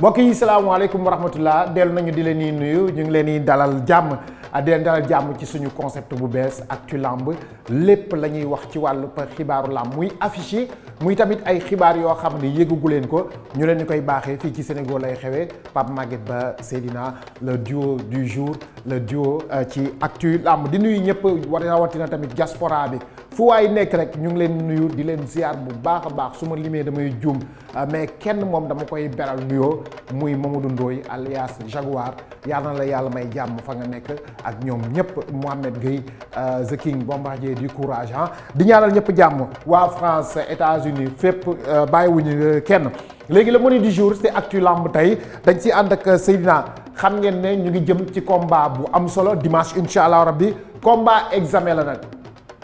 mbokk yi salaamaaleykum wa rahmatullah dellu nañu di leen yi nuyu ñu ngi leen di dalal jàmm di leen dalal jàmm ci suñu concept bu bees ak ci làmb lépp lañuy wax ci wàllu xibaaru làmb muy affiché muy tamit ay xibaar yoo xam ne yëgagu leen ko ñu leen ni koy baaxee fii ci Sénégal lay xewee Pape Maguette Ba Seydina le duo du jour le duo euh, ci actu làmb di nuyu ñëpp war rawatina tamit diaspora bi fu waay nekk rek ñu ngi leen nuyu di leen ziar bu baaxa baax su ma limee damay juum euh, mais kenn moom dama koy beral nuyoo muy Mamadou Ndoye alias Jaguar yàlla na la yàlla may jàmm fa nga nekk ak ñoom ñëpp Mohamed Gueye euh, The King Bombardier du courage ah di ñaanal ñëpp jàmm États-Unis fépp euh, bàyyiwuñu euh, kenn léegi le menu di jour c'est actu lamb tey dañ si ànd ak euh, Seydina xam ngeen ne ñu ngi jëm ci combat bu am solo dimanche incha allah rabbi combat examen la nag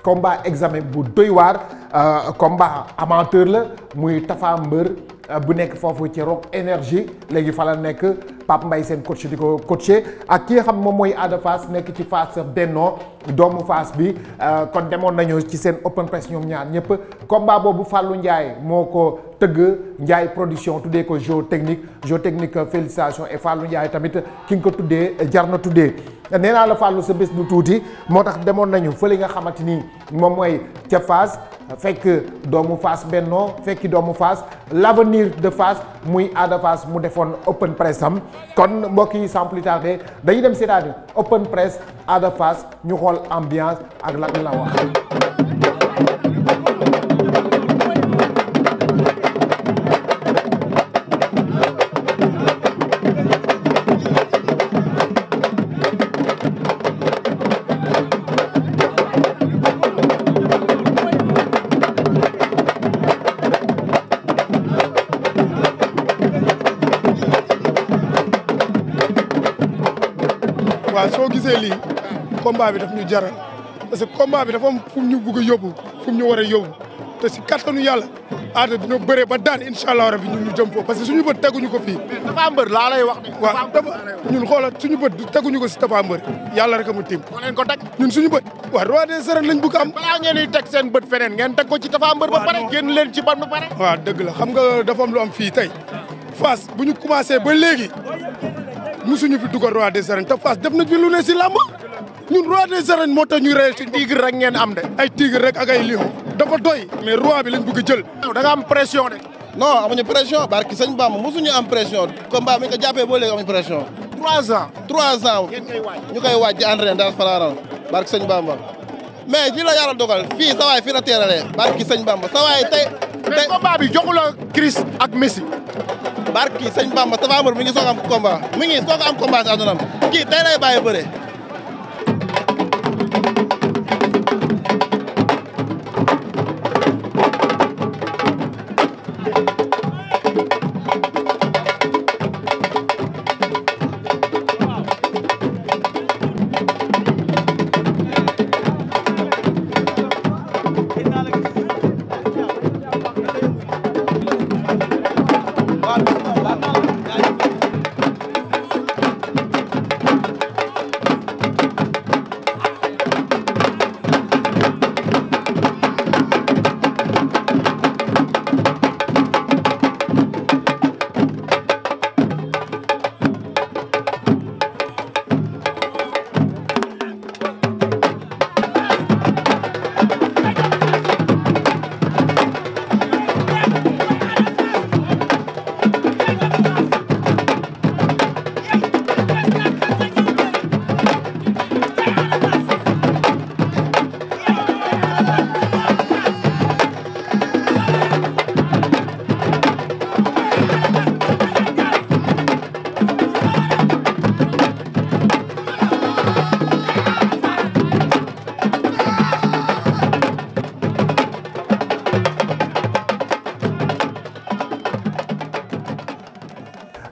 combat examen bu doy waar. Euh, combat amateur la muy Tafa Mbër euh, bu nekk foofu ci Rock Énergie léegi fa la nekk Pape mbay seen coach di ko coaché ak ki xam moom mooy Ada Fass nekk ci Fass Benno doomu Fass bi euh, kon demoon nañu ci seen open press ñoom ñaar ñëpp combat boobu Fallou Ndiaye moo ko tëgg njaay production tuddee ko jeu technique jeu technique félicitation et Fallou Ndiaye tamit ki nga ko tuddee jar na tuddee nee naa la Fallou sa bés bu tuuti moo tax demoon nañu fële nga xamante ni moom mooy ca fekk doomu Fass Benno fekki doomu Fass l'avenir de Fass muy Ada Fass mu defoon open press am kon mbokk yi sans plus tarder dañuy dem seetaani open press Ada Fass ñu xool ambiance ak lan la wax combat parce que combat bi dafa am fu ñu bëgg a yóbbu ñu war a yóbbu te si kattanu yàlla aada dina bëree ba daan incha allah ñun ñu jëm foofu bët teguñu ko fii. ko si dafa mbër yàlla rek mu tiim. moo leen ko bët. waaw roi des arènes lañ bëgg am. balaa ngeen teg seen bët feneen ngeen teg ko ci dafa mbër ba pare génn leen ci ban ba pare. waaw dëgg la xam nga dafa lu am fii tey Fass bu ñu commencé ba léegi musuñu fi dugal roi des arènes te Fass def nañ fi lu ne si làmb ñun roi des moo tax ñu rey si tigre rek ngeen am de. ay tigre rek ak ay lion dafa doy mais roi bi lañ bëgg jël. da nga am pression de. non amuñu pression barki sëñ Bamba musuñu am pression combat bi ñu ko jàppee boo léegi amuñu pression. ñu koy waaj di entraîné dans Falaran barki sëñ Bamba mais fii la yàlla dogal fii sa waay fii la barki sëñ Bamba sa waay tey. mais bi joxu barki sëñ Bamba Tapha Mbeur mi ngi soog am combat mi ngi soog am combat si kii tey lay bàyyi bëre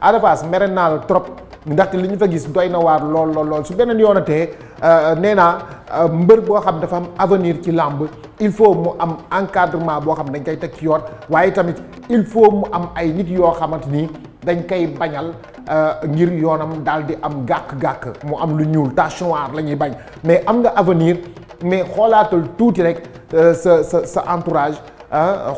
Ada Fass mere trop ndaxte li ñu fa gis doy na waar lool lool lool su beneen yoonatee euh, nee naa euh, mbër boo xam dafa am avenir ci làmb il faut mu am encadrement boo xam dañ koy teg ci yoon waaye tamit il faut mu am ay nit yoo xamante ni dañ koy bañal euh, ngir yoonam daal di am gàkk-gàkk mu am lu ñuul tache noire la ñuy bañ mais am nga avenir mais xoolaatal tuuti rek sa sa sa entourage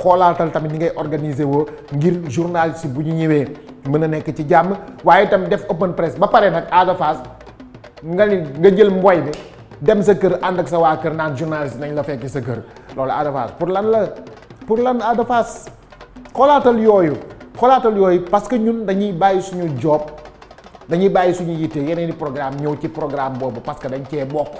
xoolaatal tamit ni ngay organiser woo ngir journaliste bu ñu ñëwee. mën a nekk ci jàmm waaye itam def open press ba pare nag Ada nga ni nga jël mboy bi dem sa kër ànd ak sa waa kër naan journaliste nañ la fekki sa kër loolu Ada pour lan la pour lan Ada xoolaatal yooyu xoolaatal yooyu parce que ñun dañuy bàyyi suñu job dañuy bàyyi suñu yitte yeneen i programme ñëw ci programme boobu parce que dañ cee bokk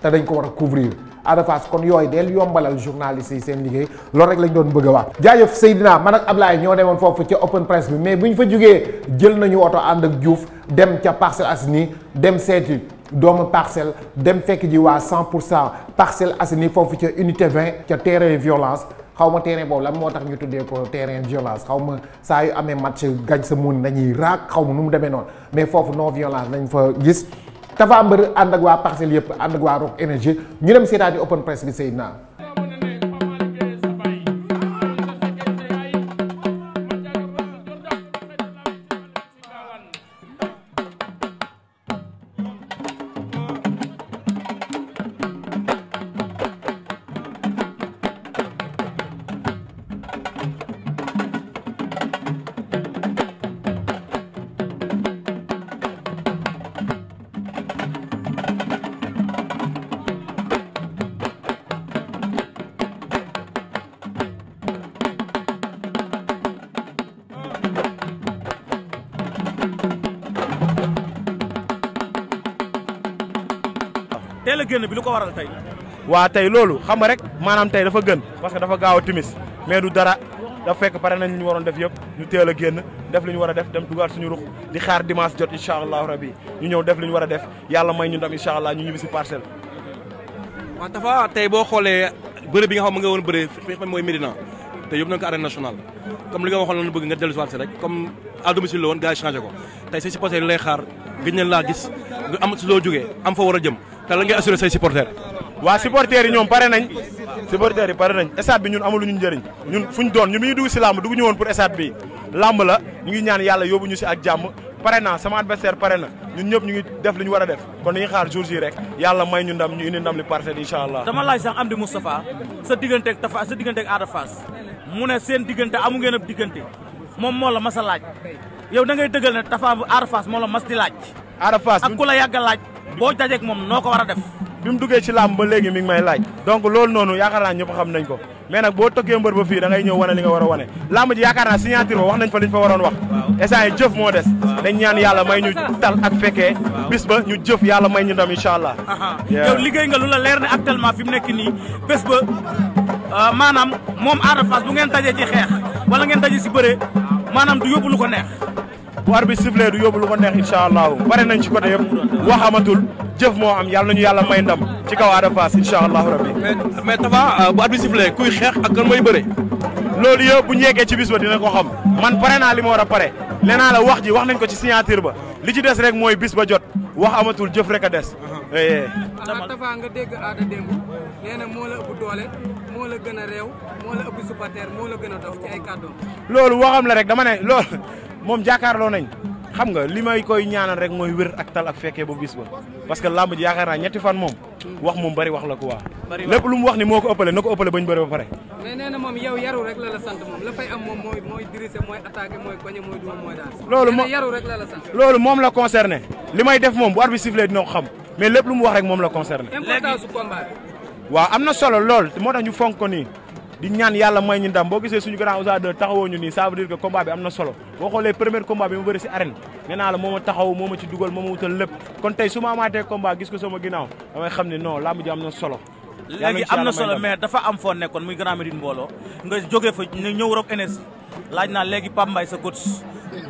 te dañ ko war a couvrir Ada Fass kon yooyu dellu yombalal journaliste yi seen liggéey loolu rek lañ doon bëgg a wax jaajëf Seydina man ak Ablaye ñoo demoon foofu ci open press bi mais bu ñu fa jógee jël nañu oto ànd ak Diouf dem ca Parcelles Assainies dem seeti doomu parcelle dem fekk ji waa cent pour cent Parcelles Assainies foofu ca unité 20 ca terrain violence xaw ma terrain boobu lan moo tax ñu tuddee ko terrain violence xaw ma saa yu amee match gañ sa mun nañuy raak xaw ma nu mu demee noonu mais foofu non violence nañ fa gis Tapha Mbeur ànd ak waa Parcelles yëpp ànd ak waa Rock Énergie ñu dem seetaani open press bi naa génn bi lu ko waral tey. waa tey loolu xam nga rek maanaam tey dafa gën parce que dafa gaaw timis mais du dara dafa fekk pare nañ li ñu waroon def yëpp ñu teel a génn def lu ñu war a def dem dugaat suñu ruq di xaar dimanche jot incha allahu rabi ñu ñëw def li ñu war a def yàlla may ñu ndam incha allah ñu ñibbi si parcelle. waaw dafa tey boo xoolee bëre bi nga xam ma nga woon bëre fi nga xam mooy Médina te yóbbu nañ ko arène nationale comme li nga waxoon noonu bëgg nga dellu si waat si comme à ko tey lay xaar gëj laa gis nga loo jógee am fa war a jëm te la ngay assuré say supporters. waa supporters yi ñoom pare nañ. supporters yi pare nañ stade bi ñun amul ñu njëriñ ñun fuñ doon ñun bi ñu dugg si làmb dugg ñëwoon woon pour stade bi làmb la ñu ngi ñaan yàlla yóbbu ñu si ak jàmm pare na sama adversaire pare na ñun ñëpp ñu ngi def li ñu war a def kon dañuy xaar jours rek yàlla may ñu ndam ñu indi ndam li parfait incha allah. dama laaj sax Amdi Moustapha sa diggante ak Tafa sa diggante ak Ada Fass mu ne seen diggante amu ngeen ab diggante moom moo la mas a laaj yow da ngay dëggal ne Tafa Ada Fass moo la mas di laaj Ada Fass ak ku la yàgg laaj boo dajeeg moom noo ko war a def bi mu duggee ci làmb ba léegi mi ngi may laaj donc loolu noonu yaakaar naa ñëpp xam nañ ko mais nag boo tokkee mbër ba fii da ngay ñëw wane li nga war a wane làmb ji yaakaar naa signature ba wax nañ fa li fa waroon wax instant yi jëf moo des dañ ñaan yàlla may ñu tal ak fekkee bis ba ñu jëf yàlla may ñu ndam incha allah liggéey nga lu la leer ne actuellement fi mu nekk nii bés ba euh, maanaam moom Ada Fass bu ngeen dajee ci wala ngeen dajee si bëre maanaam du yóbbu lu bu arbitre sifflé du yóbbu lu ko neex incha allahu bare nañ ci côté yëpp wax amatul jëf moo am yàlla nañu yàlla may ndam ci kaw Ada Fass incha allahu rabbi mais Tapha euh, bu arbitre sifflé kuy xeex ak kan mooy bëre loolu yëpp bu ñu ci bis ba dina ko xam man pare naa li ma war a pare nee naa la wax ji wax nañ ko ci signature ba li ci des rek mooy bis ba jot wax amatul jëf rek a des uh-huh. eh, eh. Tapha nga dégg Ada démb nee na moo la ëpp doole moo la gën a réew moo la ëpp la gën a dof moom jàkkaarloo xam nga li may koy ñaanal rek mooy wér ak tal ak fekkee ba bis ba parce que làmb ji yaakaar naa ñetti fan moom wax moom wax la quoi lépp lu mu wax ni moo ko ëppale na ko ëppale ba ñu bëri ba pare mais nee la la am moom mooy mooy mooy attaqué mooy koñe mooy duma mooy daal loolu moom la concerné li may def moom bu arbitre sifflé dina ko xam mais lépp lu mu wax rek moom la concerné waaw am na solo lool moo tax ñu fonk ko nii di ñaan yàlla may ñu ndam boo gisee suñu grand Ouza 2 taxawoo ñu nii ça veut dire que combat bi am na solo boo xoolee premier combat bi ma bëri si arène nee la moo ma taxaw moo ma ci dugal moo ma wutal lépp kon tey su ma amaatee combat gis ko sama ginnaaw damay xam ne noo làmb ji am na solo léegi am na solo mais dafa am foo nekkoon muy Grand Médine mbooloo nga jógee fa ñëw Rock Énergie laaj naa léegi Pape Mbaye sa coach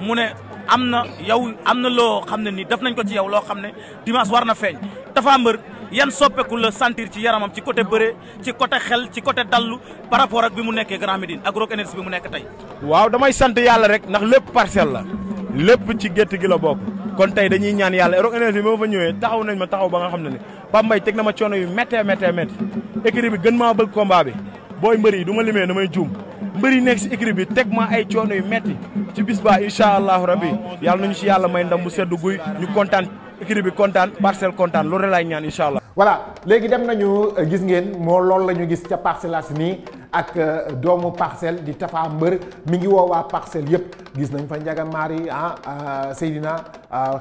mu ne am na yow am na loo xam ne nii def nañ ko ci yow loo xam ne dimanche war na feeñ dafa mbër yan soppeeku la sentir ci yaramam ci côté bëre ci côté xel ci côté dallu par rapport ak bi mu nekkee Grand Médine ak Rock Énergie bi mu nekk tey. waaw damay sant yàlla rek ndax lépp parcelle la lépp ci gétt gi la bokk kon tey dañuy ñaan yàlla Rock Énergie bi ma fa ñëwee taxaw nañ ma taxaw ba nga xam ne ne Pape Mbaye teg na ma coono yu méttee méttee métti bi gën maa bëgg combat bi booy mbër yi du ma limee damay juum. mbër yi nekk si écurie bi teg ma ay coono yu metti ci bis ba incha allahu rabi yàlla nañu si yàlla may ndam bu seddu guy ñu kontaan équipe bi kontaan parcelle kontaan loolu laay ñaan incha allah. voilà léegi dem nañu euh, gis ngeen moo loolu la ñu gis ca Parcelles Assainies ak euh, doomu parcelle di Tafa Mbër mi ngi woo parcelle yëpp gis nañ fa Ndiaga Mari ah euh, Seydina.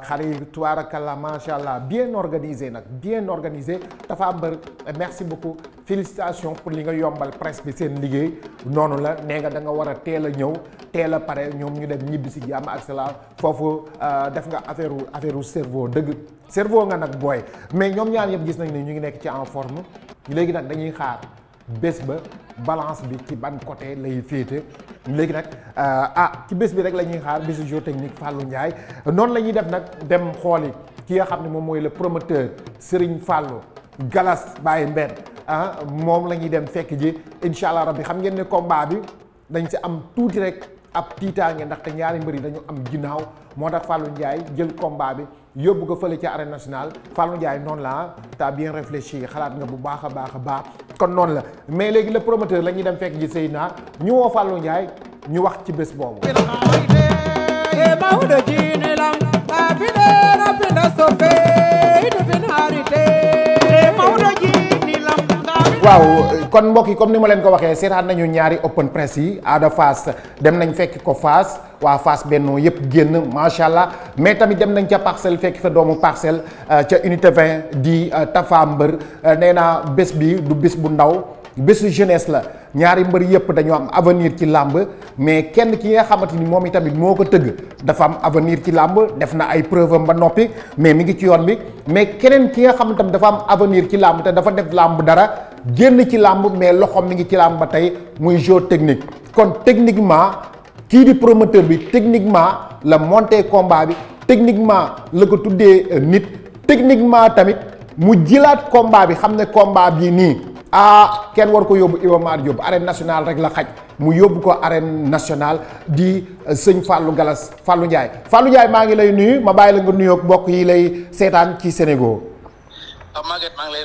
xar yi tubaarakallah macha allah bien organisé nag bien organisé Tapha Mbeur merci beaucoup félicitations pour li nga yombal presque bi seen liggéey noonu la nee nga da nga war a teel a ñëw teel a pare ñoom ñu dem ñibbi si jàmm ak salaam foofu euh, def nga affaire affaire cerveau dëgg cerveau nga nag booy mais ñoom ñaan yëpp gis nañ ni ñu ngi nekk ci en forme léegi nag dañuy xaar. bés ba balance bi ci ban côté lay féete léegi nag euh, ah ci bés bi rek la ñuy xaar bésu géotechnique Fallou Ndiaye noonu la ñuy def nag dem xooli ki nga xam ne moom mooy le promoteur Serigne Fallou Galas Baye Mbenn ah moom la ñuy dem fekk ji incha allah rabbi xam ngeen ne combat bi dañ si am tuuti rek ab tiitaange ndaxte ñaari mbër yi dañu am ginnaaw moo tax Fallou Ndiaye jël combat bi yóbbu ko fële ci arène nationale Fallou Ndiaye noonu la ah t'as bien réfléchi xalaat nga bu baax a baax a baax. kon noonu la mais léegi la promoteur la dem fekk ji Seyna ñu woo Fallou Ndiaye ñu wax ci bés boobu. waaw kon mbokk yi comme ni ma leen ko waxee seetaan nañu ñaari open press yi Ada Fass dem nañ fekk ko Fass waa Fass Benno yëpp génn macha allah mais tamit dem nañ ca parcel fekk fa doomu parcelle euh, ca unité 20 di euh, Tafa Mbër euh, nee bés bi du bés bu ndaw. bésu jeunesse la ñaari mbër yëpp dañoo am avenir ci làmb mais kenn ki nga xamante ni moom itamit moo ko tëgg dafa am avenir ci làmb def na ay preuve am ba noppi mais mi ngi ci yoon bi mais keneen ki nga xam tamit dafa am avenir ci làmb te dafa def làmb dara génn ci làmb mais loxoom mu ngi ci làmb ba tey muy jeu technique kon techniquement kii di promoteur bi techniquement la monté combat bi techniquement la ko tuddee nit techniquement tamit mu jëlaat combat bi xam ne combat bii nii ah kenn war ko yóbbu Iba Mar Diop arène nationale rek la xaj mu yóbbu ko arène nationale di euh, sëñ Fallou Galas Fallou Ndiaye Fallou Ndiaye maa ngi lay nuyu ma bàyyi la nga nuyoog mbokk yi lay seetaan ci Sénégal. Ah, Maguette maa ngi lay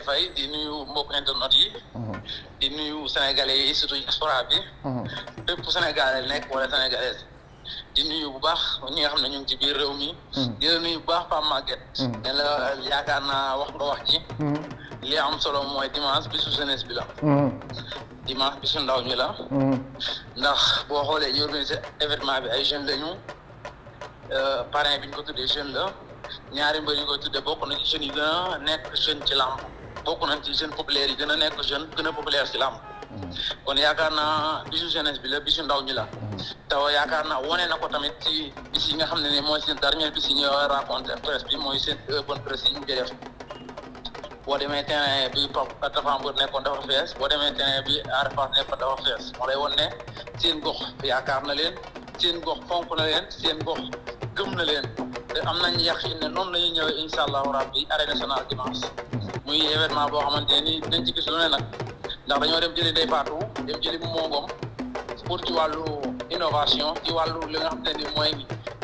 yi. Mhm. di yi surtout diaspora bi. Mhm. bépp sénégalais nekk wala sénégalaise. di nuyu bu baax ñi nga xam ne ñu ngi ci biir réew mi. Mm. di la nuyu bu baax Pape Maguette. Mm. ne euh, yaakaar naa wax nga wax ji. Mm. li am solo mooy dimanche bisu jeunesse bi la. dimanche bisu ndaw ñi la. ndax boo xoolee ñu organisé événement bi ay jeunes lañu euh, parrain bi ñu ko tuddee jeune la ñaari mbër ñu ko tuddee bokk na ci yi gën a nekk jeune ci bokk nañ ci jeune populaire yi gën a nekk jeune gën a populaire ci làmb kon yaakaar naa bisu jeunesse bi la bisu ndaw ñi la. taw yaakaar naa wone na ko tamit ci bis yi nga xam ne ni mooy seen dernier bis yi ñuy rencontre presse bi mooy seen bonne presse yi ñu ngi def boo demee terrain bi Pape Tapha Mbeur nekkoon dafa fees boo demee terrain bi Ada Fass nekkoon dafa fees moo lay won ne gox yaakaar na leen seen gox fonk na leen seen gox gëm na leen te am nañ yaqin ne noonu la ñuy ñëwee incha allahu rabbi arène nationale dimanche muy événement boo xamante ne nii dañ ci gis lu ne nag ndax dañoo dem jëli innovation ci wàllu li nga xam te ni mooy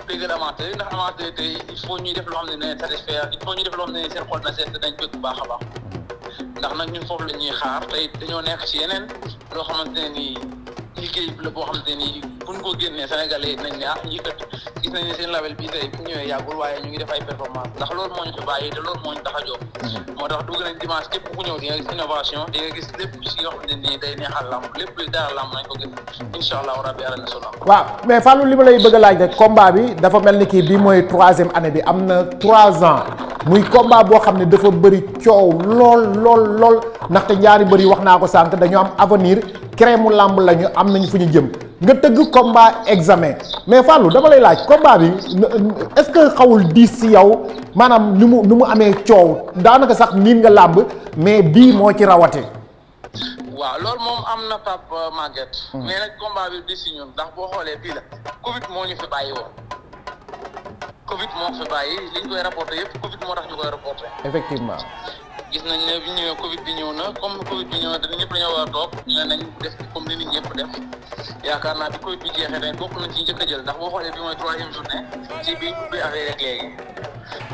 bëggal amateur ndax amateur tey il faut ñuy def loo xam ne a satisfaire il faut ñuy def loo xam ne seen xol na seet dañ bëgg bu baax a baax ndax nag ñun foofu la ñuy xaar tey dañoo nekk ci yeneen loo xamante ne nii liggéey la boo xamante ni buñ ko génnee Sénégalais yi nañ ne ah ñi kat gis nañ ne seen label bii tey bu ñëwee yàggul waaye ñu ngi def ay performance ndax loolu moo ñu fi bàyyi te loolu moo ñu tax a jóg mhm. moo tax dugg nañ dimanche képp ku ñëw di nga gis innovation di nga gis si nga xamante ni day neexal lamb lépp luy dara lamb nañ ko gis mhm. incha allah rabbi arène solo waaw li ma lay bëgg a laaj rek combat bi dafa mel ni kii bii mooy troisième année bi am na trois muy combat boo xam ne dafa bëri coow lool lool lool ndaxte ñaari mbër yi wax naa ko sànq dañu am avenir crème làmb la am nañ fu ñu jëm nga tëgg combat examen mais Fallou dama lay laaj combat bi est-ce que xawul diis si yow maanaam nu mu ni mu amee coow daanaka sax miin nga làmb mais bii moo ci rawate waaw loolu moom am na Pape Maguette. Hmm. mais nag combat bi diis si ñun ndax boo xoolee bii la Covid moo ñu fi bàyyi woon Covid moo fi bàyyi li ñu koy rapporté yëpp Covid moo tax ñu koy rapporté. effectivement. gis nañ ne bi ñëwee Covid bi ñëw na comme Covid bi ñëw na dañu ñëpp dañoo a toog ñu ne nañ def comme yaakaar naa bi Covid bi jeexee nañ ci njëkk a jël ndax boo xoolee bi mooy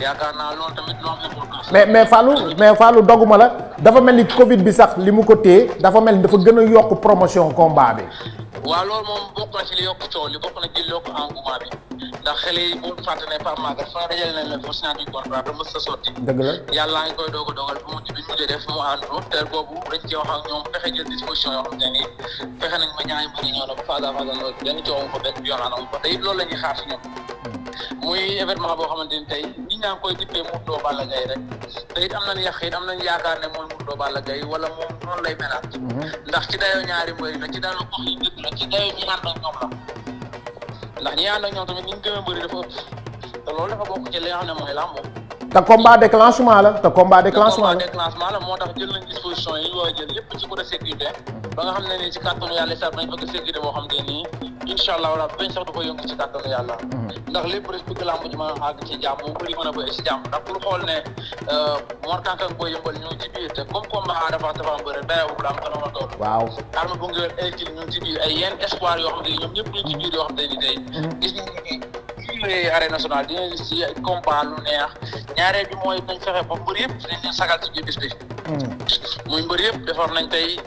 yaakaar naa loolu tamit lu mais mais Fallou mais Fallou doguma la dafa mel ni Covid bi sax li mu ko téye dafa mel ni dafa gën a yokk promotion combat bi. waaw loolu moom bokk na ci li yokk coow li bokk na ci li yokk engouement bi ndax xale yi bu fàtte ne par magal fa dajale nañ leen fa signature contrat ba mës sa sotti dëgg la yàlla ngi koy doog a dogal bu mujj bi ñu mujjee def mu àndu te boobu dañ ci wax ak ñoom fexe jël disposition yoo xam te nii fexe nañ ma ñaari bu na ba phase à phase loolu benn muy événement boo xamante ni tey nit ñaa ngi koy dippee Modou Lo Balla Gaye rek te am nañu yàq it am nañu yaakaar ne mooy Modou Lo Balla Gaye wala moom noonu lay melaat. Mm-hmm. ndax ci dayoo ñaari mbëri la ci dayoo gox yi dëkk la ci dayoo ñi ànd ak ñoom la ndax ñi ànd ak ñoom tamit ni ñu gëmee mbëri dafa ëpp te loolu dafa bokk ci li nga xam ne mooy làmb te combat déclenchement la te combat déclenchement la te combat déclenchement la moo tax jël nañ disposition yi yooyu jël yëpp ci côté sécurité ba nga xam ne nii ci kàttanu yàlla sax nañ bëgg sécurité boo xam ne nii incha allah wala bañ sax du ko yëngu ci kàttanu yàlla mm-hmm. ndax lépp rek bëgg làmb ji mën a àgg ci jàmm mu bëri mën a bëri ci jàmm ndax pour xool ne euh, Mor Kang Kang boo yëmbal ci biir te comme combat ma doon waaw arme bu ngeen ay kil ñu ngi ci biir ay yenn espoir yoo xam ñëwee arène nationale di ngeen si combat lu neex ñaareel bi mooy dañ fexe mbër yëpp dañ leen sagal ci biir bis hmm. mbër yëpp defar nañ tey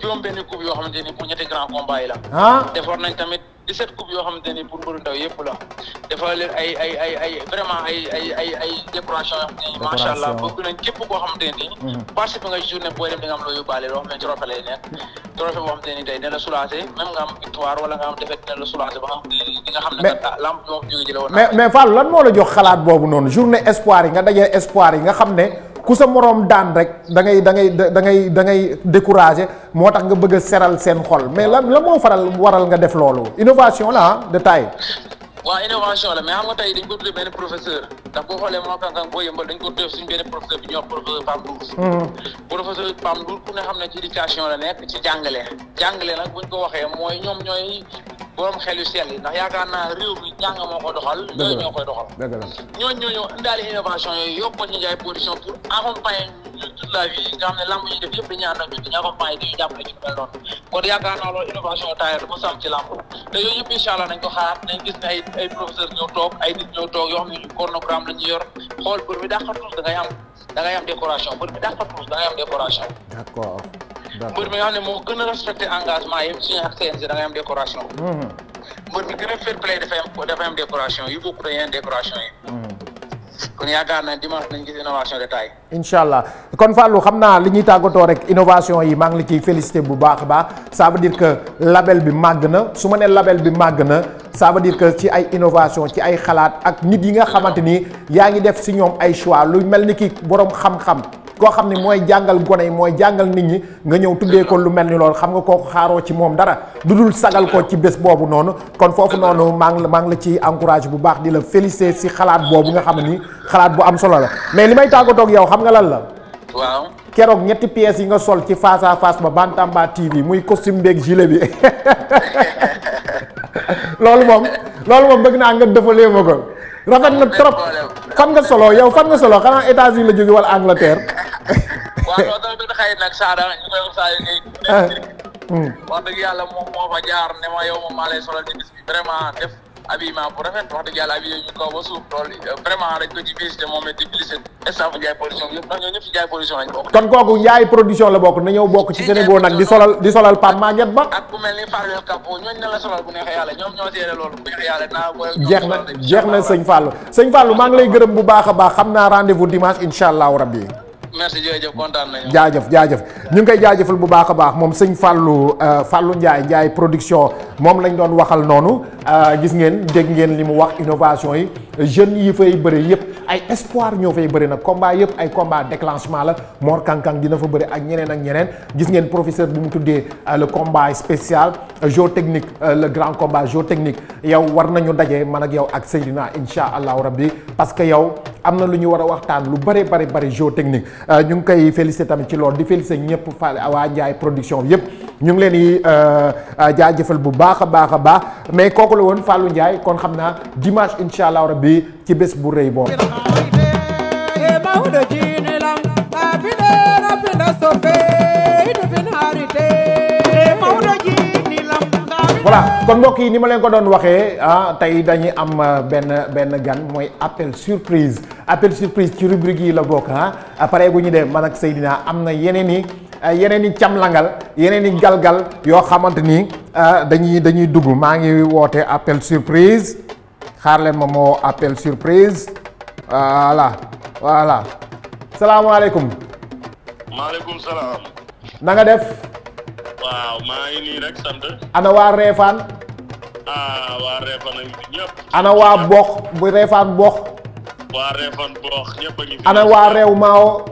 juróom benn coupe yoo xamante ni pour ñetti grand combat yi la. Ah. defar nañ tamit. 17 coupes yoo xamante ni pour mbëru ndaw yëpp la dafa leen ay ay ay ay vraiment ay ay ay allah koo xamante ni mhm. participer nga loo yóbbaale loo xam ne trophée lay nekk trophée boo la soulagé la jox xalaat boobu noonu journée espoir yi nga dajee espoir yi nga xam ne ku sa moroom daan rek da ngay da ngay da ngay da ngay découragé moo tax nga bëgg a seral seen xol mais la la moo faral waral nga def loolu innovation la ah de taille. waaw innovation la mais xam nga tey dañ ko tuddee benn professeur ndax boo xoolee moo kankan boo yëmbal ko tuddee suñu benn professeur bi ñuy wax professeur Pam Ndour hmm. professeur Pam Ndour ku ne xam ne ci éducation la nekk ci jàngale jàngale nag buñ ko waxee mooy ñoom ñooy borom xel yu sell yi ndax yaakaar naa ko doxal. ñooñu ñoo la ñooñu ñooñu indaale innovation yooyu yokkal ñu jaay production pour accompagner la vie nga xam ne lamb yi def yëpp dañuy ànd ak kon yaakaar naa loolu innovation tailleur dafa sàmm ci lamb te yooyu yëpp incha allah nañ ko xaar nañ gis ne ay ay professeur ñoo toog ay nit ñoo toog yoo xam ne ñu xool bër bi dàqatul da ngay am da ngay am décoration bër bi dàqatul da ngay am mbër mi nga xam ne moo gën a respecté engagement yëpp suñu ak CNG da ngay am décoration mhm. mbër mi gën a fair play dafay am décoration yi mhm. kon yaakaar na dimanche nañ gis innovation de taille allah kon Fallou xam naa li ñuy tàggatoo rek innovation yi maa ngi la ciy félicité bu baax a baax ça veut que label bi màgg na su ma nee label bi màgg na ça veut que ci ay innovation ci ay xalaat ak nit yi nga xamante ni yaa ngi def si ñoom ay choix lu mel ni kii borom xam-xam koo xam ne mooy jàngal gone yi mooy jàngal nit ñi nga ñëw tuddee ko lu mel ni loolu xam nga koo xaaroo ci moom dara du dul sagal ko ci bés boobu noonu kon foofu noonu maa ngi la maa ngi la ci encourage bu baax di la félicé si xalaat boobu nga xam ni xalaat bu am solo la mais li may tàggatoo ak xam nga lan la. keroog ñetti pièces yi nga sol ci face faas face ba Bantamba TV muy costume beeg gilet bi loolu moom loolu moom bëgg naa nga defalee ma ko rafet na trop fan nga solo yow fan nga solo xanaa états la jóge wala Angleterre. waaw loolu tamit du xëy nag ah. dëgg yàlla moom moo fa jaar ne ma yow moom maa lay solal ci bis bi vraiment def habillement bu rafet wax dëgg yàlla habillé ñu kaw kon kooku Ndiaye production la bokk na ñëw bokk ci Sénégal nag di solal di solal Pape Maguette Ba. ak ku mel ni Fallou Kapo ñooñu na yàlla ñoom ñoo seede loolu bu jeex na sëñ Fallou sëñ Fallou maa ngi lay gërëm bu baax a baax xam naa rendez-vous dimanche incha allahu rabbi merci jërëjëf kontaan jaajëf jaajëf ñu ngi koy jaajëfal bu baax a baax moom sëñ Fallou euh, fàllu Ndiaye Ndiaye production. moom lañ doon waxal noonu euh, gis ngeen dégg ngeen li mu wax innovation yi jeunes yi fay bëri yëpp ay espoir ñoo fay bëri nag combat yëpp ay combat déclenchement la Mor Kankang dina fa bëri ak ñeneen ak ñeneen gis ngeen professeur bi mu tuddee euh, le combat spécial géotechnique euh, le grand combat géotechnique yow war nañu daje man ak yow ak Seydina incha allahu rabbi parce que yow am na lu ñu war a waxtaan lu bari bari bëri géotechnique ñu ngi koy félicité tamit ci loolu di félicité ñëpp fa waa Njaay production yëpp ñu ngi leen di euh, euh, jaajëfal bu baax a baax a baax mais kooku la woon Fallou Ndiaye kon xam naa dimanche incha allah rabbi ci bés bu rëy boobu. voilà kon mbokk yi ni ma leen ko doon waxee ah tey dañuy am euh, benn benn gan mooy appel surprise appel surprise ci rubrique yi la bokk ah pareegu ñu de man ak Seydina am na yeneen i. Euh, yeneen i camlangal yeneen i galgal yoo xamante ni euh, dañuy dañuy dugg maa ngi woote appel surprise xaar leen ma moo appel surprise voilà voilà salaamaaleykum. maaleykum salaam. na def. waaw maa ngi ana waa Réfane. Ah, ana waa Box bu Box. ana waa Réew Maao.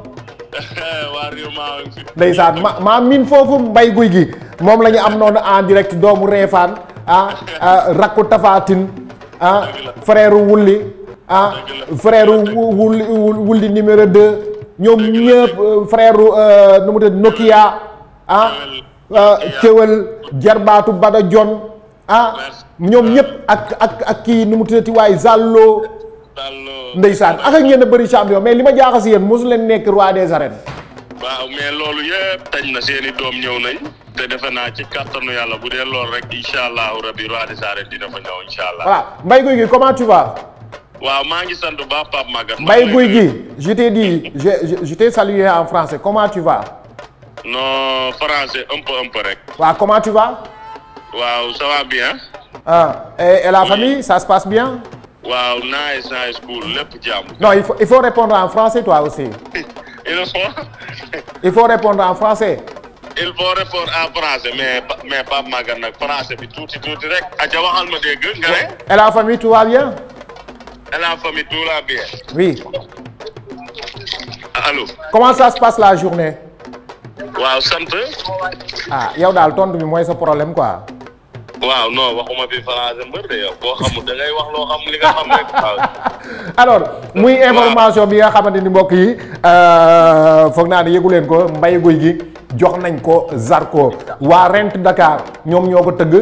waa réew maa ma miin foofu mbay guy gi moom lañu am noonu en direct doomu Réfane ah, ah rakku Tafatine ah frère Wulli ah Wulli numéro 2 ñoom ñëpp euh, frère euh, nu mu tudd Nokia ah Kewel euh, Jarbaatu Bada Jon ah, ñoom ñëpp ak ak ak kii nu mu tuddati waaye Zallo. daal. Euh, ndeysaan ak ak ngeen a bëri champion mais li ma jaaxal si yéen mosu nekk roi des arènes. waaw mais loolu yëpp tañ na seen i doom ñëw nañ. te defe naa ci kattanu yàlla bu dee loolu rek incha allahu rabi roi des arènes dina fa ñëw incha allah. voilà Mbaye Gouye comment tu vas. waaw maa ngi sant bu baax Pape mbay Mbaye Gouye Gui je t'ai dit je je, je t'ai salué en français comment tu vas. non français un peu rek. waaw comment tu vas. waaw ça va bien. ah et, et la oui. famille ça se passe waaw nice nice cool lépp jàmm. non il faut il faut répondre en français toi aussi. il faut. il fo répondre en français. il faut répondre en français mais mais Pape Maguette nag français bi tuuti tuuti rek. aja waxal ma et la famille tout va bien. et la famille tout va bien. oui. Ah, allo. comment ça se passe la journée. waaw sant. ah yow daal tontu bi mooy sa problème quoi. waaw non waxuma fi français mbër de yow boo xamul da wax loo xam li nga xam rek. alors muy information bi nga xamante ni mbokk yi euh, foog naa ne yëgu ko mbay guy gi jox nañ ko sarko waa Rent Dakar ñoom ñoo ko tëgg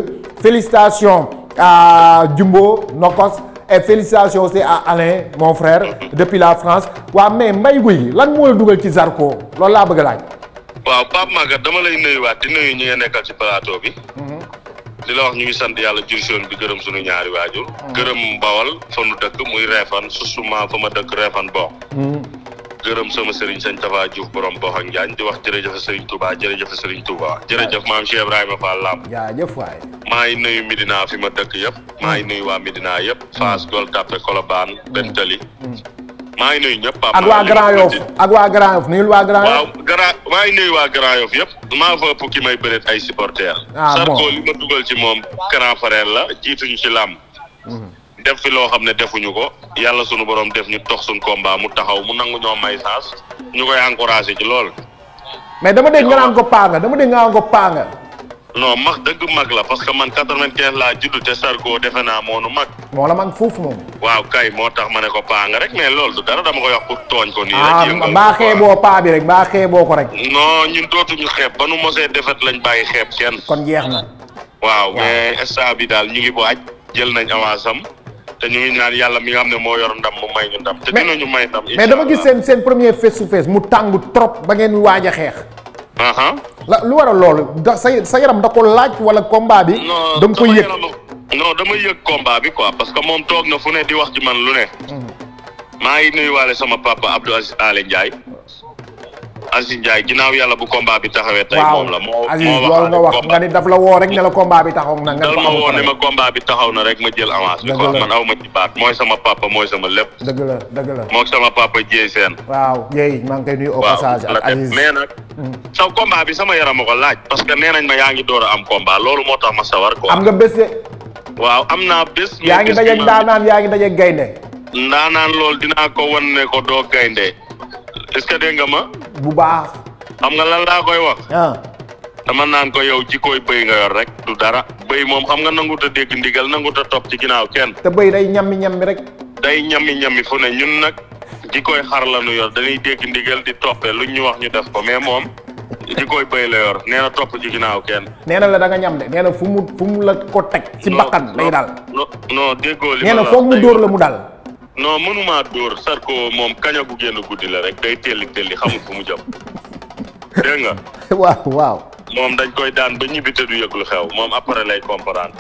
félicitations à Jumbo Nokos et félicitations aussi à Alain mon frère depuis la France waaw mais mbay guy lan moo la dugal ci Zarko loolu laa bëgg laaj. waaw Pape Maguette dama lay nuyuwaat di nuyu ñi nekkal ci plateau bi. Hmm. di la wax ñu ngi sant yàlla jur si yoon bi gërëm suñu ñaari waajur. Mm. gërëm Bawal fa nu dëkk muy Réfane susuma fa ma dëkk Réfane boox mm. gërëm sama sëriñ sañ Tafa Diouf borom boox ak Njaañ di wax jërëjëf sëriñ Touba jërëjëf sëriñ Touba jërëjëf maam Cheikh Ibrahima Fall Lamb. jaajëf waay. maa ngi yu Medina fi ma dëkk yëpp. maa ngi mm. nuyu waa Medina yëpp. Fass Gueule Tapée Colobane Bentali. maa ngi nuyu ñëpp ak waa Grand Yoff ak waa Grand Yoff nuyul waa waaw Grand maa ngi yëpp maa fa ëpp may bëreet ay supporter Zarko ah, li ma dugal ci moom grand frère la jiituñu ci làmb mhm. def fi loo xam ne defuñu ko yàlla suñu borom def ñu toog suñ combat mu taxaw mu nangu ñoo may saas ñu koy encouragé ci lool mais dama dégg nga naan ko paa dama dégg nga naan ko paa non max dëgg mag la parce que man quatre-vingt-quinze laa juddu te Sarko defe naa moo moonu mag. moo la mag foofu moom. waaw kay moo tax ma ne ko paa nga rek mais loolu du dara dama koy wax pour tooñ ko. nii rek ah mbaa xeeboo paa rek mbaa xeeboo ko rek. non ñun dootuñu xeeb ba nu mosee defet lañ bàyyi xeeb kenn. jeex na. waaw mais bi daal ñu ngi bu aj jël nañ avance am te ñu ngi ñaan yàlla mi nga xam ne moo yor ndam mu may ñu ndam. te dinañu may ndam. mais dama gis seen seen premier face to face mu tàng trop ba ngeen waaj a xeex. Ah ah. la lu waral loolu da sa sa yaram da ko laaj wala combat bi. da nga koy yëg non dama yëg combat bi quoi parce que moom toog na fu ne di wax ci man lu ne. Mhm. maa ngi nuyuwaale sama papa Abdou Aziz Alé Ndiaye. Aziz Ndiaye ginnaaw yàlla bu combat bi taxawee. tey moom la moo moo wax nga daf la woo rek ne la combat bi na. nga dal bi taxaw na rek ma jël avance. bi quoi man aw ma mooy sama papa mooy sama lépp. dëgg la dëgg la. sama papa Dieye Sène. waaw Dieye maa ngi koy nuyu au ak Aziz mais nag. Mm. sa combat bi sama yaram ma ko laaj. parce que nee nañ ma yaa ngi door a am combat loolu moo tax ma sawar quoi. am nga bés de. waaw am naa bés. yaa ngi da daanaan gaynde. ndaanaan loolu dinaa ko wan ne bu baax. xam nga lan laa koy wax. Ah. dama naan ko yow jikkooy bëy nga yor rek du dara. bëy moom xam nga nangut a dégg ndigal nangut a topp ci ginnaaw kenn. te bëy day ñammi ñammi rek. day ñammi ñammi fu ne ñun nag jikkooy xar la nu yor dañuy dégg ndigal di toppee luñ ñu wax ñu def ko mais moom. jikkooy bëy la yor nee na topp ci ginnaaw kenn. nee na la danga nga ñam de nee na fu mu fu mu la ko teg. ci bakkan lay daal. non déggoo li ma na foog dóor la mu daal. non mënumaa dóor Sarko moom kaña gu génn guddi la rek day telli telli xamul fu mu jëm dégg waaw waaw. moom dañ koy daan ba ñibbi te du yëg lu xew moom après lay comprendre.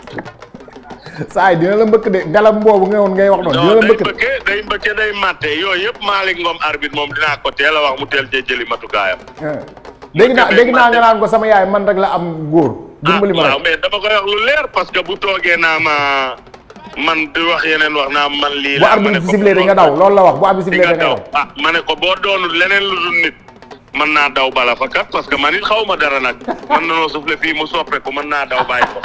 saay dina la mbëkk de ngalam boobu nga woon ngay wax noonu. dina la mbëkk de day mbëkke day mbëkke day matte yooyu yëpp Malick Ngom arbitre moom dinaa ko teel a wax mu teel cee jëli matukaayam. Eh. dégg naa dégg naa nga naan ko sama yaay man rek la am góor. Ah, dimbali ma rek waaw mais koy wax lu leer que bu toogee naa man di wax yeneen wax naa man lii la bu arbitre bi sifflee nga daw loolu la wax bu arbitre bi sifflee ah, ma ne ko boo doonul leneen lu dul nit mën naa daw bala fa kat parce que man it xaw ma dara nag man na noo soufflé fii mu soppeeku mën naa daw bàyyi ko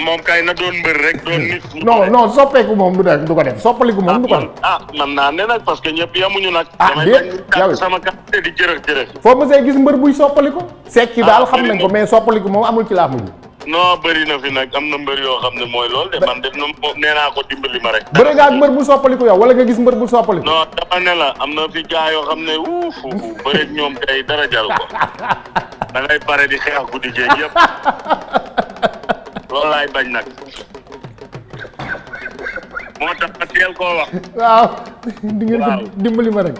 moom kay na doon mbër rek doon nit non non soppeeku moom du def du ko def soppaliku moom du ko ah, def ah man naa ne nag parce que ñëpp yamuñu nag ah déet sama kat di jërëf jërëf foo mësee gis mbër buy soppaliku sekki ah, daal xam nañ ko mais soppaliku moom amul ci laa mujj non bëri fi nag am na mbër yoo xam ne mooy lool de man def na nee naa ko dimbali ma rek. bëri nga ak mbër bu soppaliku yow wala nga gis mbër bu soppaliku. non dama ne am na fi gaa yoo xam ne wuuf bëri ñoom tey dara jaru ko da ngay pare di xeex guddi jeeg yëpp loolu laay bañ nag. moo tax ma teel koo wax. waaw dimbali ma rek.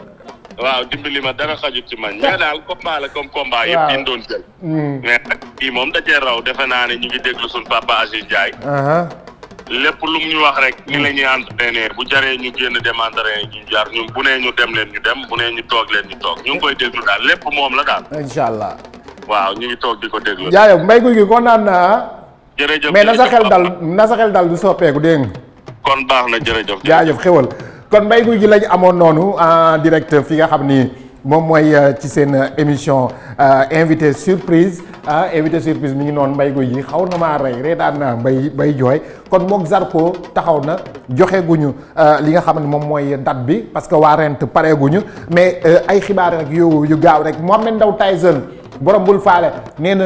waaw dimbali ma dara xajut ci man mais daal combat la comme combat yëpp yi doon jël mm. mais ak kii moom da cee raw defe naa ne ñu ngi déglu suñ papa Aziz Ndiaye lépp lu mu ñu wax rek ni la ñuy entraîné bu jaree ñu génn dem entraîné ñu jar ñun bu nee ñu dem leen ñu dem bu nee ñu toog leen ñu toog ñu ngi koy déglu daal lépp moom la daal incha allah waaw ñu ngi toog di ko déglu jaay mbay guy gi kon naan naa ah? jërëjëf mais na sa xel dal na sa xel dal du soppeeku dégg kon baax na jërëjëf jaajëf xewal kon mbay Gouy ji lañu amoon noonu en direct fi nga xam ni moom mooy euh, ci seen euh, émission euh, invité surprise ah invité surprise mi ngi noonu mbay Gouy Gui xaw na maa rey reetaan naa bay bay jooy kon mook Zarko taxaw na joxe ñu li nga xam ne moom mooy dat bi parce que waa rent pare ñu mais ay xibaar rek yu yu gaaw rek Mohamed Ndao Tyson borom bul faale nee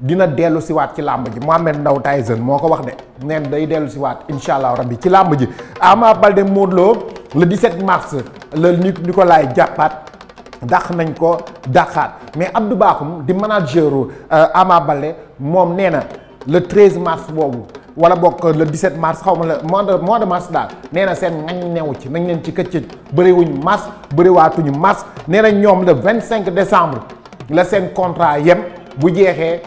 dina dellu siwaat ci làmb ji ndaw Ndao Tyson moo ko wax de neen day dellu siwaat incha allah rabbi ci làmb ji Ama Baldé Modou Lo le 17 mars la ni Nicolas jàppaat dàq nañ ko dàqaat mais Abdou baaxum di manager euh, Ama Baldé moom nee na le 13 mars boobu wala bokk le 17 mars xaw ma la mois de mois de mars daal nee seen ngañ newu ci nañ leen ci këccëj bëriwuñ mars bëriwaatuñu mars nee na ñoom le 25 décembre la seen contrat yem bu jeexee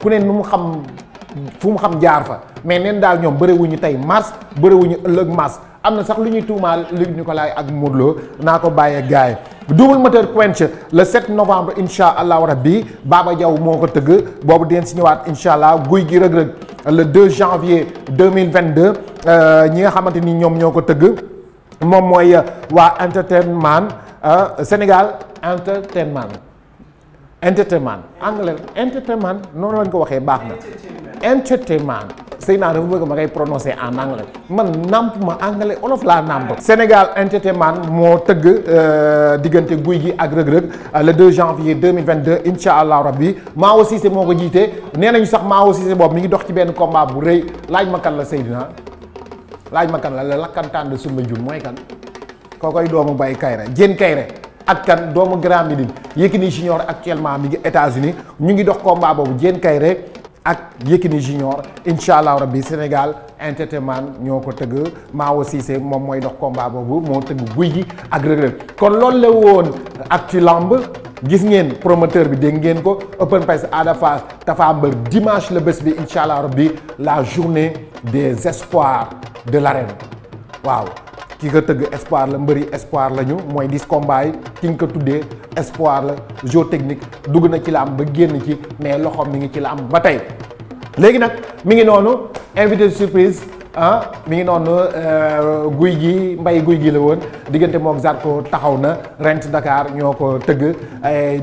ku ne nu mu xam fu mu xam jaar fa mais neen daal ñoom bëriwuñu tey mars bëriwuñu ëllëg mars am na sax lu ñuy tuumaal Luc Nicolaï ak Modou naa ko bàyyee gaay double moteur quench le 7 novembre incha allahu rabbi Baba jaw moo ko tëgg boobu deen si ñëwaat incha allah guy gi rëg-rëg le 2 janvier 2022 euh, ñi nga xamante ni ñoom ñoo ko tëgg moom mooy euh, waa entertainment euh, Sénégal entertainment entertainment anglais entertainment noonu lañ ko waxee baax na entertainment sëy naa dafa bëgg ma ngay prononcer en anglais man nàmp ma anglais olof laa nàmp Sénégal entertainment moo tëgg euh, diggante guy gi ak rëg-rëg euh, le 2 janvier 2022 incha allah rabbi Maawo Cissé moo ko jiitee nee nañu sax Maawo Cissé boobu mi ngi dox ci benn combat bu rëy laaj ma kan la Seydina laaj ma kan la la lakkantaan de suma jun mooy kan koo koy doomu bay kayre jén kayre ak kan doomu Grand Médine Yékini Junior actuellement mi ngi États-Unis ñu ngi dox combat boobu Diène Kaïré ak Yékini Junior incha allah rabbi Sénégal entertainment ñoo ko tëgg Mawo Cissé moom mooy dox combat boobu moo tëgg guy gi ak Reug Reug kon loolu la woon ak ci lamb gis ngeen promoteur bi dégg ngeen ko Open Press Ada Fass Tapha Mbeur dimanche la bés bi incha allah rabbi la journée des espoirs de l'arène waaw ki nga tëgg espoir la mbëri espoir la ñu mooy dis ki nga ko tuddee espoir la jeu technique dugg na ci la am ba génn ci mais loxoom mi ngi ci la am ba tey léegi nag mi ngi noonu invité surprise ah mi ngi noonu euh, guy gi mbay guy gi la woon diggante moom Zarko taxaw na Rent ndakaar ñoo ko tëgg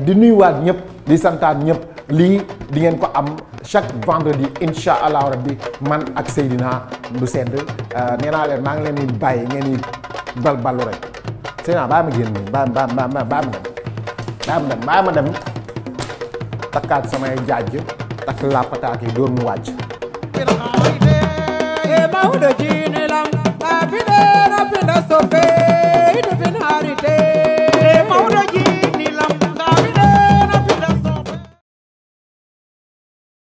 di nuyuwaat ñëpp di santaat ñëpp lii di ngeen ko am chaque vendredi incha allahu rabbi man ak Seydina du sedd euh, nee naa leen maa ngi leen di bàyyi ngeen di rek Seydina baa ma ma dem baa ma ma dem takkaat samay jaaj takk laapataak yi door mu wàcc. Eh, Mawdo jiine lam abide rabbi na sofe